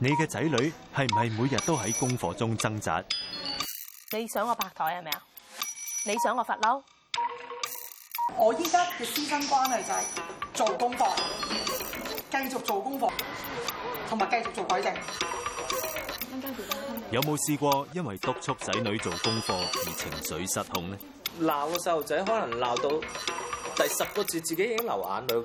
你嘅仔女係唔係每日都喺功課中掙扎？你想我拍台係咪啊？你想我發嬲？我依家嘅師生關係就係做功課，繼續做功課，同埋繼續做鬼定、嗯嗯嗯。有冇試過因為督促仔女做功課而情緒失控呢？鬧個細路仔可能鬧到第十個字自己已經流眼淚。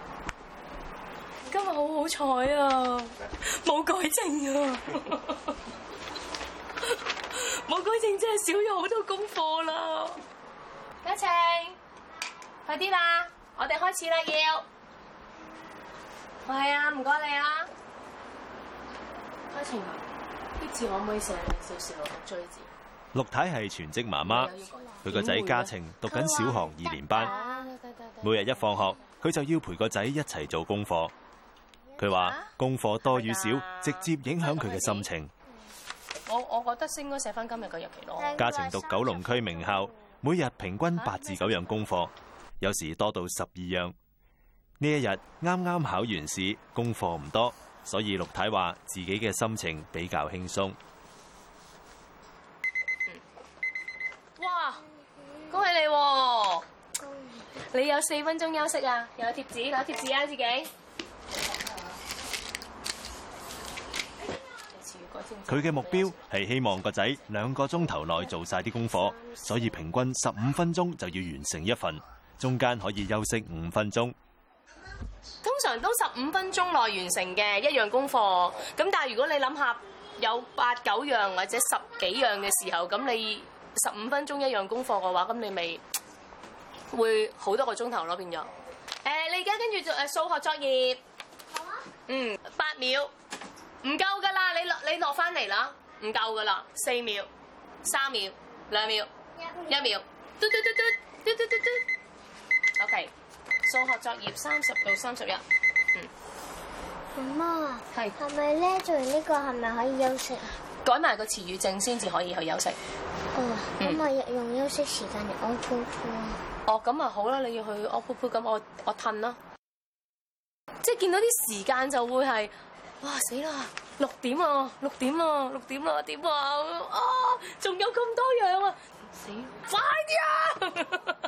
真係好好彩啊！冇改正啊，冇改正真係少咗好多功課啦。嘉晴，快啲啦，我哋開始啦，要係啊，唔該你啊。嘉晴，啲字可唔可以寫得少少？追字陸太係全職媽媽，佢個仔嘉晴讀緊小學二年班，每日一放學，佢就要陪個仔一齊做功課。佢話、啊、功課多與少直接影響佢嘅心情。嗯、我我覺得先應該寫翻今日嘅日期咯。家程讀九龍區名校、啊，每日平均八至九樣功課、啊，有時多到十二樣。呢一日啱啱考完試，功課唔多，所以陸太話自己嘅心情比較輕鬆、嗯。哇！恭喜你，嗯、你有四分鐘休息啊！有貼紙謝謝貼紙啊！有貼紙，有貼紙啊自己。佢嘅目標係希望個仔兩個鐘頭內做晒啲功課，所以平均十五分鐘就要完成一份，中間可以休息五分鐘。通常都十五分鐘內完成嘅一樣功課，咁但係如果你諗下有八九樣或者十幾樣嘅時候，咁你十五分鐘一樣功課嘅話，咁你咪會好多個鐘頭咯，變咗。誒，你而家跟住做誒數學作業。好啊。嗯，八秒。唔夠噶啦，你落你落翻嚟啦，唔夠噶啦，四秒、三秒、兩秒、一秒，秒，嘟嘟嘟嘟嘟嘟嘟嘟，嘟，OK，數學作業三十到三十一。嗯，媽媽，係係咪咧？做完呢、這個係咪可以休息啊？改埋個詞語證先至可以去休息。哦、嗯、咁、嗯、咪用休息時間嚟屙噗噗哦，咁啊，好啦，你要去屙噗噗咁，我我褪咯，即係見到啲時間就會係。哇死啦！六點啊，六點啊，六點啦，點啊！哦，仲有咁多樣啊！死，快啲啊！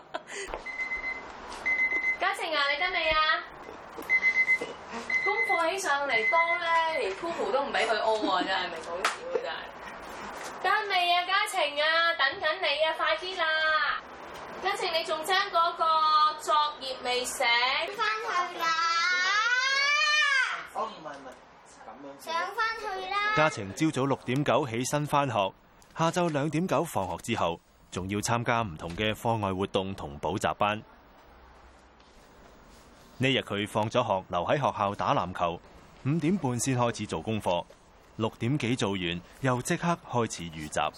嘉晴啊，你得未啊？功課起上嚟多咧，連鋪鋪都唔俾佢屙喎，真係唔講笑啊！真係。得未啊，嘉晴啊？等緊你啊，快啲啦！嘉晴，你仲將嗰個作業未寫？翻去啦！啊！哦，唔係唔係。上返去啦、啊。家晴朝早六點九起身翻學，下晝兩點九放學之後，仲要參加唔同嘅課外活動同補習班。呢日佢放咗學，留喺學校打籃球，五點半先開始做功課，六點幾做完，又即刻開始預習。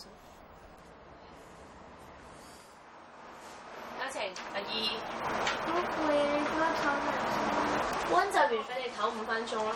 家晴，阿姨，好攰、啊，想躺下。溫習完畀你唞五分鐘咯。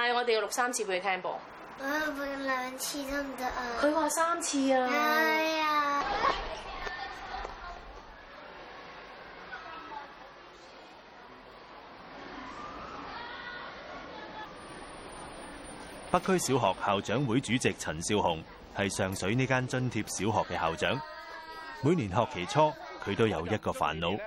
但係我哋要錄三次俾佢聽噃，我俾兩次得唔得啊？佢話三次啊。係啊。北區小學校長會主席陳少雄係上水呢間津貼小學嘅校長，每年學期初佢都有一個煩惱。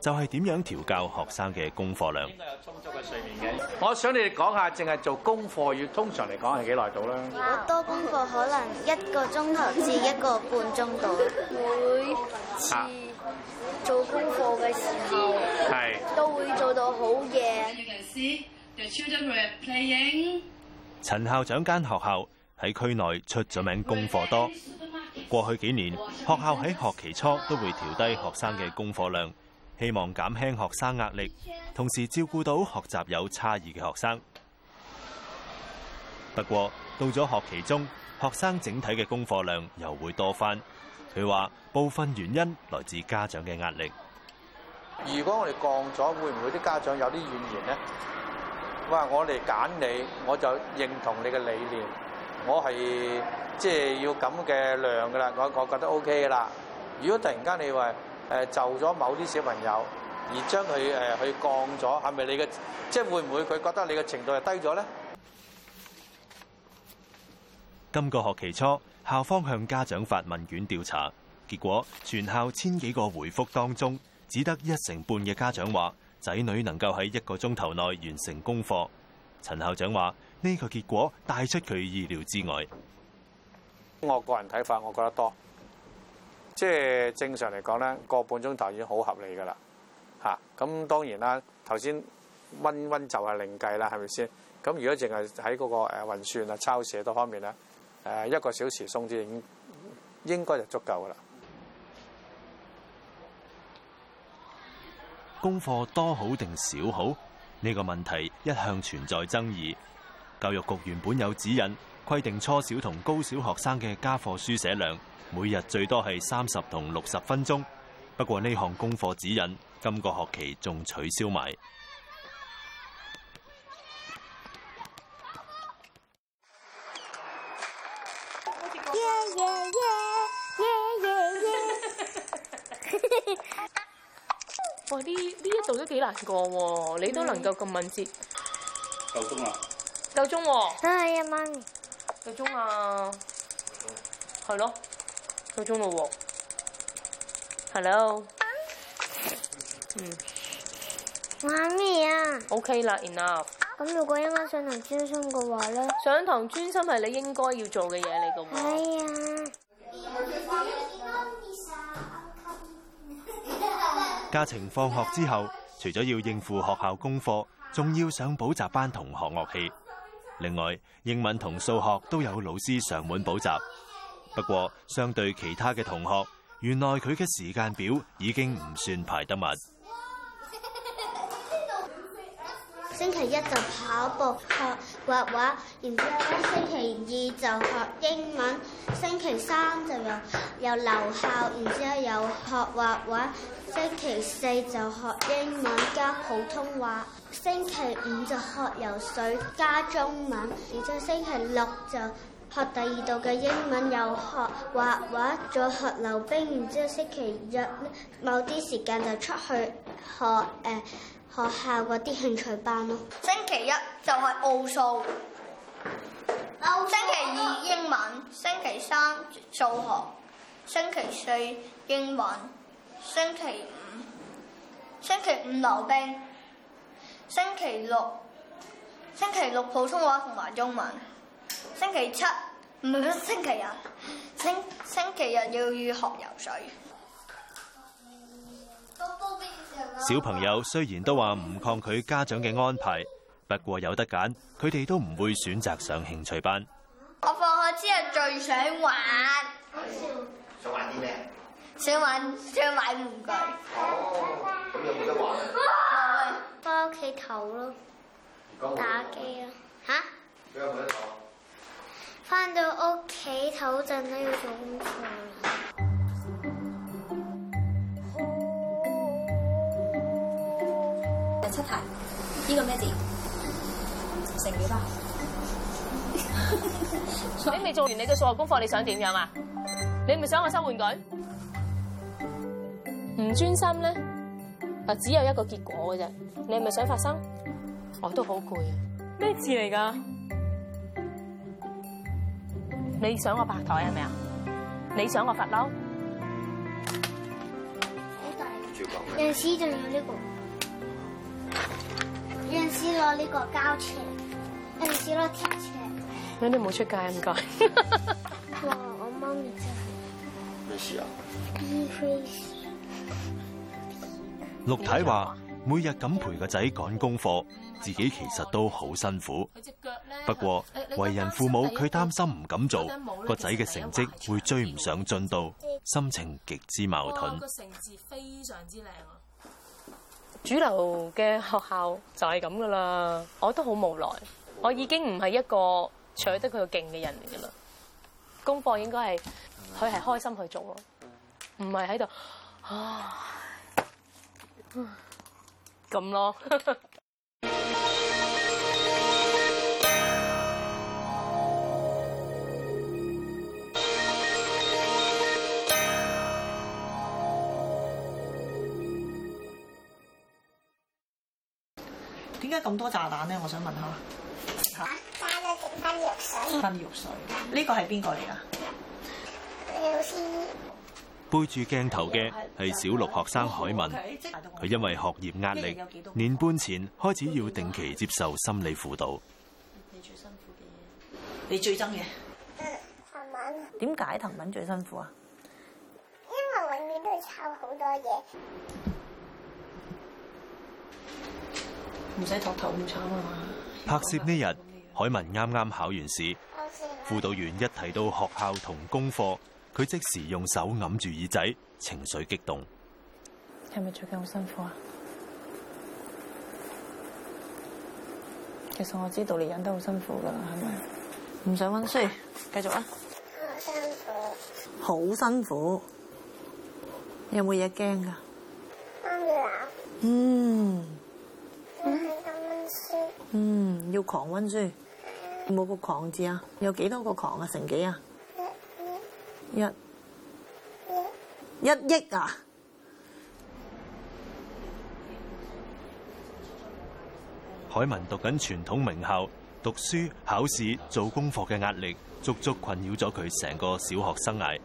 就係點樣調教學生嘅功課量。應該有充足嘅睡眠嘅。我想你哋講下，淨係做功課要通常嚟講係幾耐度啦？好多功課可能一個鐘頭至一個半鐘度。每次、啊、做功課嘅時候，都會做到好嘢、啊。陳校長間學校喺區內出咗名，功課多。過去幾年，學校喺學期初都會調低學生嘅功課量。希望減輕學生壓力，同時照顧到學習有差異嘅學生。不過到咗學期中，學生整體嘅功課量又會多翻。佢話部分原因來自家長嘅壓力。如果我哋降咗，會唔會啲家長有啲怨言呢？哇！我嚟揀你，我就認同你嘅理念。我係即係要咁嘅量噶啦，我我覺得 OK 噶啦。如果突然間你話，誒，就咗某啲小朋友而將佢誒去降咗，係咪你嘅即係會唔會佢覺得你嘅程度係低咗呢？今個學期初，校方向家長發問卷調查，結果全校千幾個回覆當中，只得一成半嘅家長話仔女能夠喺一個鐘頭內完成功課。陳校長話呢個結果帶出佢意料之外。我個人睇法，我覺得多。即係正常嚟講咧，個半鐘頭已經好合理噶啦，嚇、啊！咁當然啦，頭先溫溫就係另計啦，係咪先？咁如果淨係喺嗰個誒運算啊、抄寫多方面咧，誒一個小時送字已經應該就足夠噶啦。功課多好定少好呢？這個問題一向存在爭議。教育局原本有指引規定，初小同高小學生嘅家課書寫量。每日最多係三十同六十分鐘，不過呢項功課指引今個學期仲取消埋。耶耶耶耶耶耶！哇！呢呢一度都幾難過喎，你都能夠咁敏捷。夠鍾啦！夠鍾喎。啊呀，媽咪。夠鍾啊！係咯。收工咯喎，Hello，嗯，玩咩啊？OK 啦，Enough。咁如果一晚上堂專心嘅話咧？上堂專心係你應該要做嘅嘢嚟噶。係啊。嘉晴放學之後，除咗要應付學校功課，仲要上補習班同學樂器。另外，英文同數學都有老師上門補習。不過，相對其他嘅同學，原來佢嘅時間表已經唔算排得密。星期一就跑步學畫畫，然之後咧，星期二就學英文，星期三就又又留校，然之後又學畫畫，星期四就學英文加普通話，星期五就學游水加中文，然之後星期六就，學第二度嘅英文，又學畫畫，再學溜冰，然之後星期日某啲時間就出去學誒學校嗰啲興趣班咯。星期一就係奧數，星期二英文，星期三數學，星期四英文，星期五星期五溜冰，星期六星期六普通話同埋中文。星期七唔係咩？星期日星星期日要學游水。小朋友雖然都話唔抗拒家長嘅安排，不過有得揀，佢哋都唔會選擇上興趣班。我放學之後，最想玩。想玩啲咩？想玩想玩玩具。咁有冇得玩？冇、啊。翻屋企唞咯，打機啊？吓？翻到屋企唞陣都要做功課。第七題，呢個咩字？乘幾多？你未做完你嘅數學功課你，你想點樣啊？你係咪想我收玩具？唔專心咧，啊，只有一個結果嘅啫。你係咪想發生？我都好攰啊。咩字嚟㗎？你想我拍台係咪啊？你想我發嬲？好大，上次仲有呢個，事個，上次攞呢個膠尺，上次攞鐵尺。你哋冇出街，唔該。我媽咪真係，咩事啊？B face 六太話。每日咁陪個仔趕功課，自己其實都好辛苦。不過為人父母，佢擔心唔敢做，個仔嘅成績會追唔上進度，心情極之矛盾。個成字非常之靚啊！主流嘅學校就係咁噶啦，我都好無奈。我已經唔係一個取得佢個勁嘅人嚟噶啦。功課應該係佢係開心去做咯，唔係喺度啊。咁咯，點解咁多炸彈咧？我想問下，打咗整翻啲藥水，翻啲藥水，呢、嗯這個係邊個嚟啊？背住鏡頭嘅係小六學生海文，佢因為學業壓力，年半前開始要定期接受心理輔導。你最辛苦嘅嘢，你最憎嘅？藤文。點解藤文最辛苦啊？因為永遠都要抄好多嘢。唔使托頭咁慘啊！拍攝呢日，海文啱啱考完試，輔導員一提到學校同功課，佢即時用手揞住耳仔，情緒激動。係咪最近好辛苦啊？其實我知道你忍得好辛苦噶，係咪？唔想溫書，繼續啊！好辛苦，好辛苦。有冇嘢驚噶？冇。嗯。唔係咁溫書。嗯，要狂溫書。冇、嗯嗯、個狂字啊？有幾多個狂啊？成幾啊？一一億啊！海文讀緊傳統名校，讀書、考試、做功課嘅壓力，足足困擾咗佢成個小學生涯。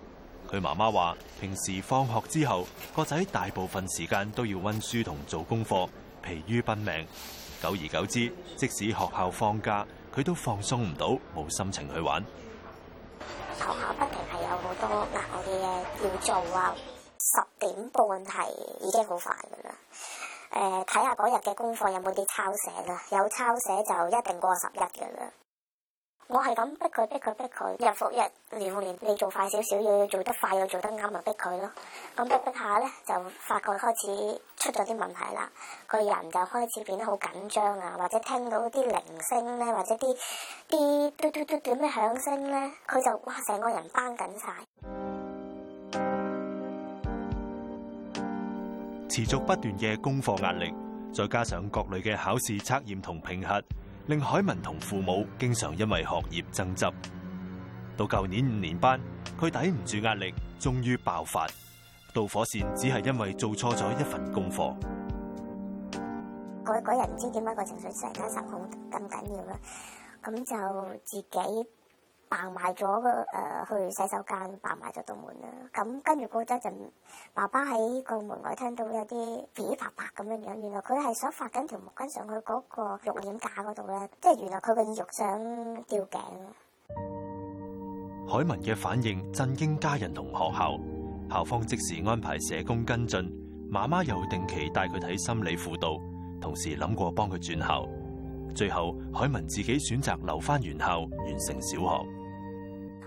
佢媽媽話，平時放學之後，個仔大部分時間都要溫書同做功課，疲於奔命。久而久之，即使學校放假，佢都放鬆唔到，冇心情去玩。嗱，我嘅嘢要做啊，十點半係已經好煩噶啦。誒、呃，睇下嗰日嘅功課有冇啲抄寫啦，有抄寫就一定過十一噶啦。我係咁逼佢逼佢逼佢，日復日，年復年，你做快少少，要做得快要做得啱，咪逼佢咯。咁逼逼下咧，就發覺開始出咗啲問題啦。個人就開始變得好緊張啊，或者聽到啲鈴聲咧，或者啲啲嘟嘟嘟啲咩響聲咧，佢就哇成個人繃緊晒。持續不斷嘅功課壓力，再加上各類嘅考試測驗同評核。令海文同父母經常因為學業爭執，到舊年五年班，佢抵唔住壓力，終於爆發，導火線只係因為做錯咗一份功課。改、那、改、個、人，唔知點解個情緒突然間失控咁緊要啦，咁就自己。行埋咗個誒去洗手間，行埋咗道門啦。咁跟住過咗一陣，爸爸喺個門外聽到有啲噼噼啪啪咁樣樣，原來佢係想發緊條毛巾上去嗰個浴簾架嗰度咧。即係原來佢嘅意欲想吊頸。海文嘅反應震驚家人同學校，校方即時安排社工跟進，媽媽又定期帶佢睇心理輔導，同時諗過幫佢轉校，最後海文自己選擇留返原校完成小學。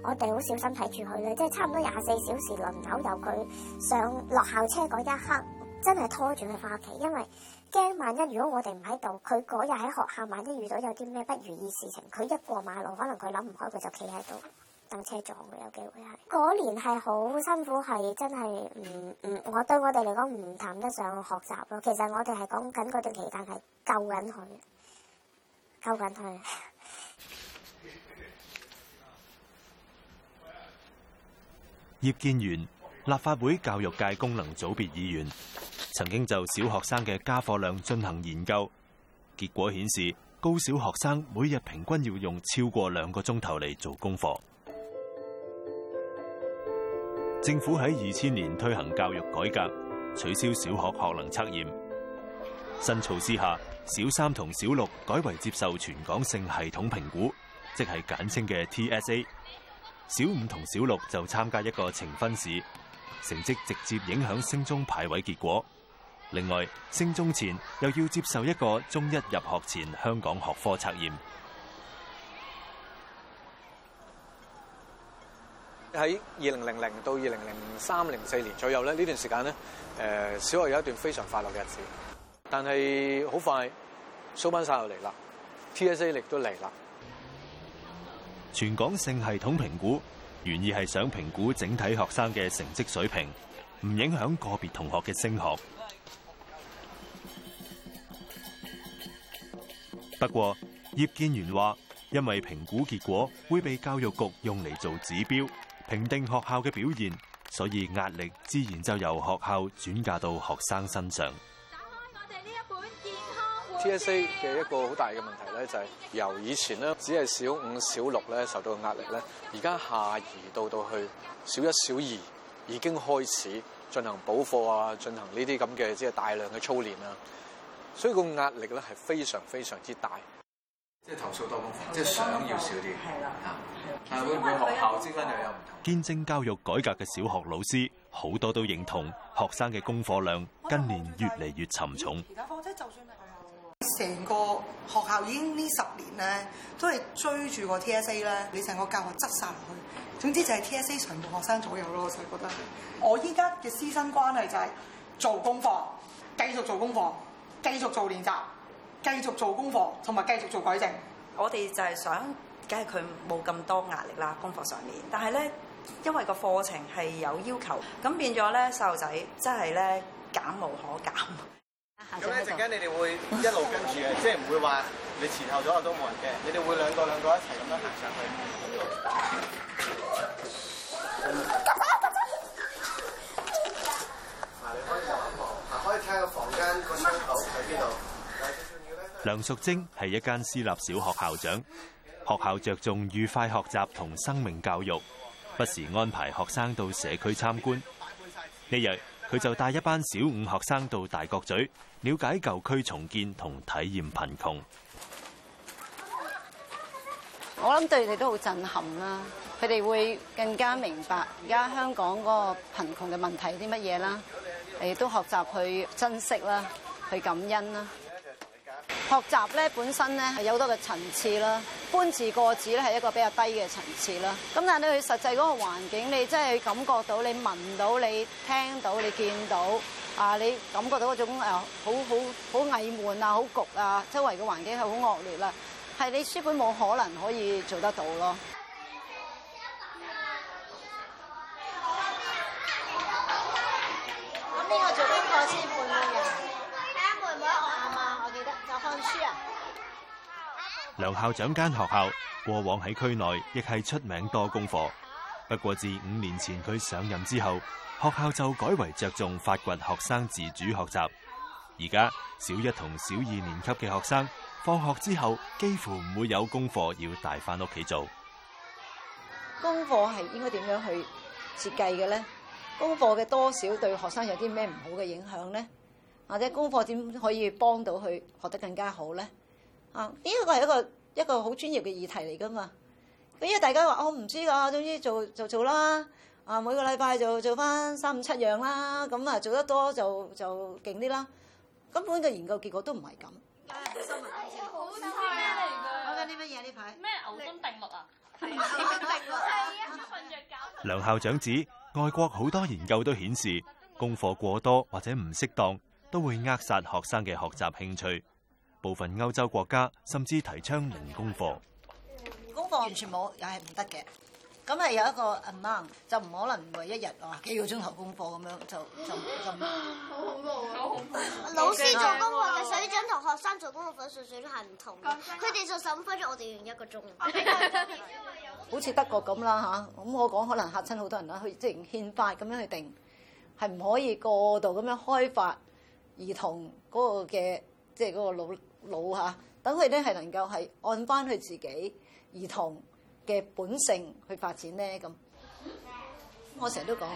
我哋好小心睇住佢咧，即係差唔多廿四小時輪流由佢上落校車嗰一刻，真係拖住佢翻屋企，因為驚萬一如果我哋唔喺度，佢嗰日喺學校萬一遇到有啲咩不如意事情，佢一過馬路，可能佢諗唔開，佢就企喺度等車撞佢。有機會係。嗰年係好辛苦，係真係唔唔，我對我哋嚟講唔談得上學習咯。其實我哋係講緊嗰段期間係救緊佢，救緊佢。 葉建源，立法會教育界功能組別議員，曾經就小學生嘅加課量進行研究，結果顯示，高小學生每日平均要用超過兩個鐘頭嚟做功課。政府喺二千年推行教育改革，取消小學學能測驗。新措施下，小三同小六改為接受全港性系統評估，即係簡稱嘅 TSA。小五同小六就參加一個呈分試，成績直接影響升中排位結果。另外，升中前又要接受一個中一入學前香港學科測驗。喺二零零零到二零零三零四年左右咧，呢段時間呢誒，小學有一段非常快樂嘅日子。但係好快，掃班晒又嚟啦，T S A 亦都嚟啦。全港性系統評估，原意係想評估整體學生嘅成績水平，唔影響個別同學嘅升學。不過葉建源話，因為評估結果會被教育局用嚟做指標評定學校嘅表現，所以壓力自然就由學校轉嫁到學生身上。TSA 嘅一個好大嘅問題咧，就係由以前咧只係小五、小六咧受到嘅壓力咧，而家下移到到去小一、小二已經開始進行補課啊，進行呢啲咁嘅即係大量嘅操練啊，所以個壓力咧係非常非常之大即，即係投訴多咁，即係想要少啲係啦。但係會唔會學校之間又有唔同？見證教育改革嘅小學老師好多都認同學生嘅功課量近年越嚟越沉重。其他科即係就算。成個學校已經呢十年咧，都係追住個 T S A 咧，你成個教學執晒落去。總之就係 T S A 全部學生左右咯，我就覺得。我依家嘅師生關係就係做功課，繼續做功課，繼續做練習，繼續做功課，同埋繼續做改正。我哋就係想，梗係佢冇咁多壓力啦，功課上面。但係咧，因為個課程係有要求，咁變咗咧，細路仔真係咧減無可減。咁一陣間你哋會一路跟住嘅，即係唔會話你前後左右都冇人嘅，你哋會兩個兩個一齊咁樣行上去。冇問題。嗱，你可以揾房，可以睇下房間嗰窗口喺邊度。梁淑貞係一間私立小學校長，學校着重愉快學習同生命教育，不時安排學生到社區參觀。呢日。佢就帶一班小五學生到大角咀了解舊區重建同體驗貧窮。我諗對你哋都好震撼啦，佢哋會更加明白而家香港嗰個貧窮嘅問題啲乜嘢啦，亦都學習去珍惜啦，去感恩啦。學習咧本身咧係有好多嘅層次啦。搬字過紙咧係一個比較低嘅層次啦。咁但係你去實際嗰個環境，你真係感覺到，你聞到、你聽到、你見到啊，你感覺到嗰種誒好好好翳悶啊、好焗啊，周圍嘅環境係好惡劣啦，係你書本冇可能可以做得到咯。劉校長間學校過往喺區內亦係出名多功課，不過自五年前佢上任之後，學校就改為着重發掘學生自主學習。而家小一同小二年級嘅學生放學之後，幾乎唔會有功課要帶翻屋企做。功課係應該點樣去設計嘅呢？功課嘅多少對學生有啲咩唔好嘅影響呢？或者功課點可以幫到佢學得更加好呢？啊！呢一個係一個一個好專業嘅議題嚟噶嘛？咁因為大家話我唔知㗎，總之做就做啦。啊，每個禮拜就做翻三五七樣啦。咁啊，做得多就就勁啲啦。根本嘅研究結果都唔係咁。好新啊！講緊啲乜嘢呢排？咩牛頓定律啊？定啊 定啊 梁校長指，外國好多研究都顯示，功課過多或者唔適當，都會扼殺學生嘅學習興趣。部分歐洲國家甚至提倡零功課，功課完全冇又係唔得嘅。咁係有一個 amount 就唔可能唔係一日啊幾個鐘頭功課咁樣就就就、嗯。好恐怖，好恐怖。 老師做功課嘅水準同學生做功課嘅水準都係唔同。佢哋做十五分鐘，我哋用一個鐘。 好似德國咁啦吓，咁我講可能嚇親好多人啦。佢定憲法咁樣去定，係唔可以過度咁樣開發兒童嗰個嘅即係嗰個腦。老嚇，等佢咧係能夠係按翻佢自己兒童嘅本性去發展咧。咁我成日都講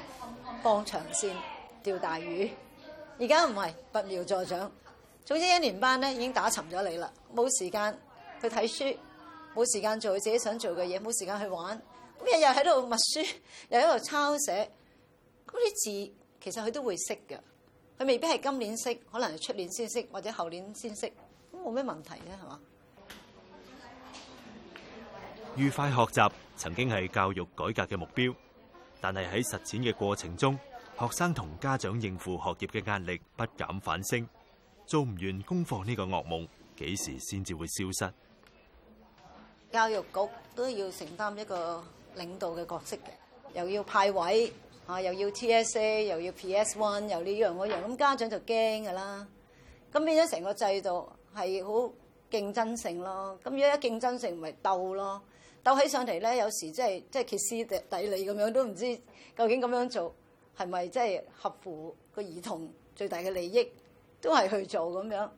放長線釣大魚，而家唔係拔苗助長。總之一年班咧已經打沉咗你啦，冇時間去睇書，冇時間做佢自己想做嘅嘢，冇時間去玩，咁日日喺度默書，又喺度抄寫，咁啲字其實佢都會識嘅，佢未必係今年識，可能係出年先識，或者後年先識。冇咩問題嘅係嘛？愉快學習曾經係教育改革嘅目標，但係喺實踐嘅過程中，學生同家長應付學業嘅壓力不減反升，做唔完功課呢個惡夢幾時先至會消失？教育局都要承擔一個領導嘅角色嘅，又要派位啊，又要 TSA，又要 Pre-S1，又呢樣嗰樣，咁家長就驚㗎喇。咁變咗成個制度。係好競爭性咯，咁如果一競爭性咪鬥咯，鬥起上嚟咧，有時即係即係歇斯底底里咁樣，都唔知究竟咁樣做係咪即係合乎個兒童最大嘅利益，都係去做咁樣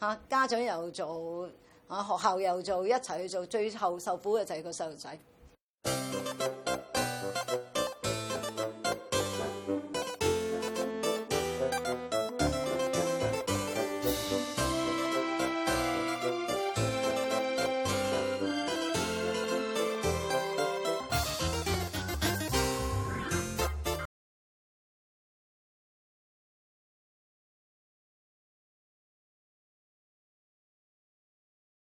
嚇，家長又做嚇，學校又做，一齊去做，最後受苦嘅就係個細路仔。